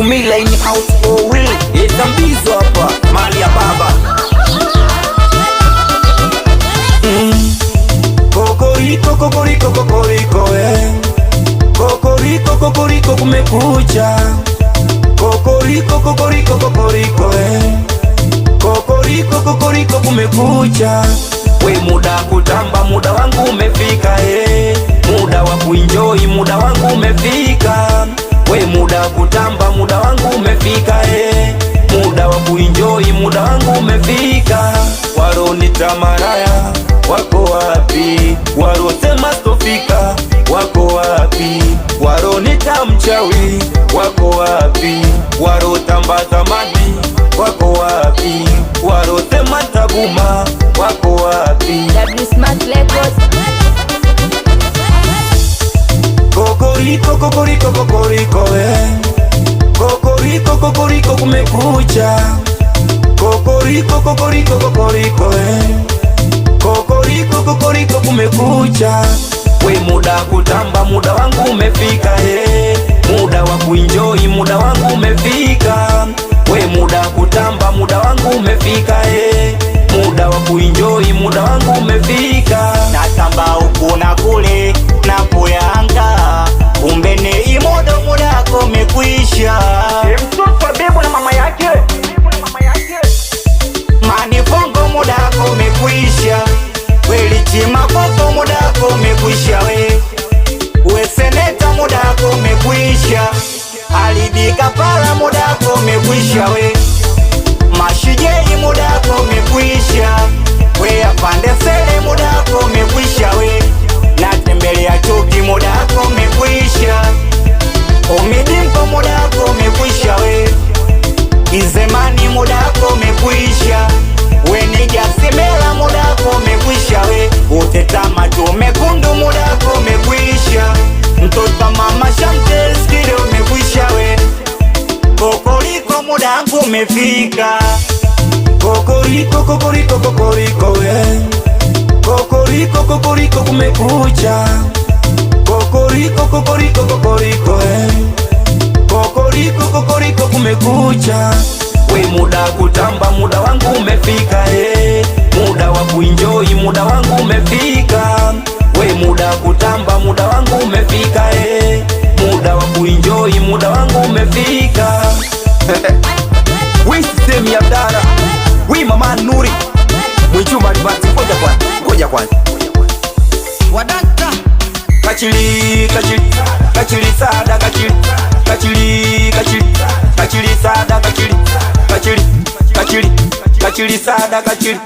for me laying out for real. It's a bizzo up, Malia Baba. Mm. Kokoriko, kokoriko, kokoriko, eh. Kokoriko, kokoriko, kumekucha. Kokoriko, kokoriko, kokoriko, eh. Kokoriko, kokoriko, kumekucha. We muda kutamba, muda wangu umefika, eh. Muda wa kuenjoy, muda wangu umefika. Eh. we, muda kutamba, muda wangu umefika eh. Muda wa kuenjoy, muda wangu umefika. ni tamaraya wako wapi? Walosema stofika kokoriko kokoriko kokoriko we eh. kokoriko kokoriko kumekucha kokoriko kokoriko kokoriko we eh. kokoriko kokoriko kumekucha we muda kutamba muda wangu umefika he eh. muda wa kuinjoi muda wangu umefika we muda kutamba muda wangu umefika he kuisha chima welichima muda mudako umekwisha we uwe seneta muda mudako umekwisha alidika para muda mudako umekwisha we umefika kokoriko kokoriko kokoriko we kokoriko kokoriko kumekucha kokoriko kokoriko kokoriko we kokoriko kokoriko kumekucha we muda kutamba muda wangu umefika eh muda wa kuenjoy muda wangu umefika we muda kutamba muda wangu umefika eh muda wa kuenjoy muda basi ngoja kwanza, ngoja kwanza. Wadakta kachili kachili kachili sada kachili kachili kachili kachili sada kachili kachili kachili kachili sada kachili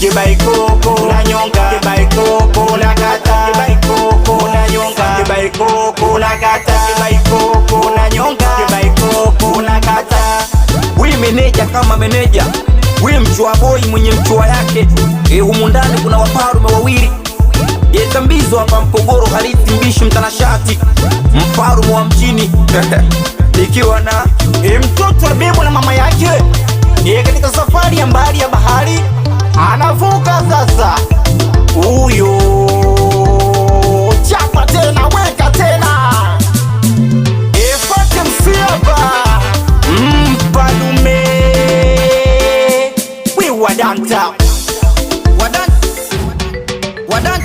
jebaikoko nanyonga jebaikoko mchwa boy mwenye mchwa yake e, humu ndani kuna wafarume wawili yetambizwa hapa Mpogoro harithi mbishi mtanashati mfarume wa mjini ikiwa na e, mtoto alibebwa na mama yake e, katika safari ya mbali ya bahari anavuka sasa わだっ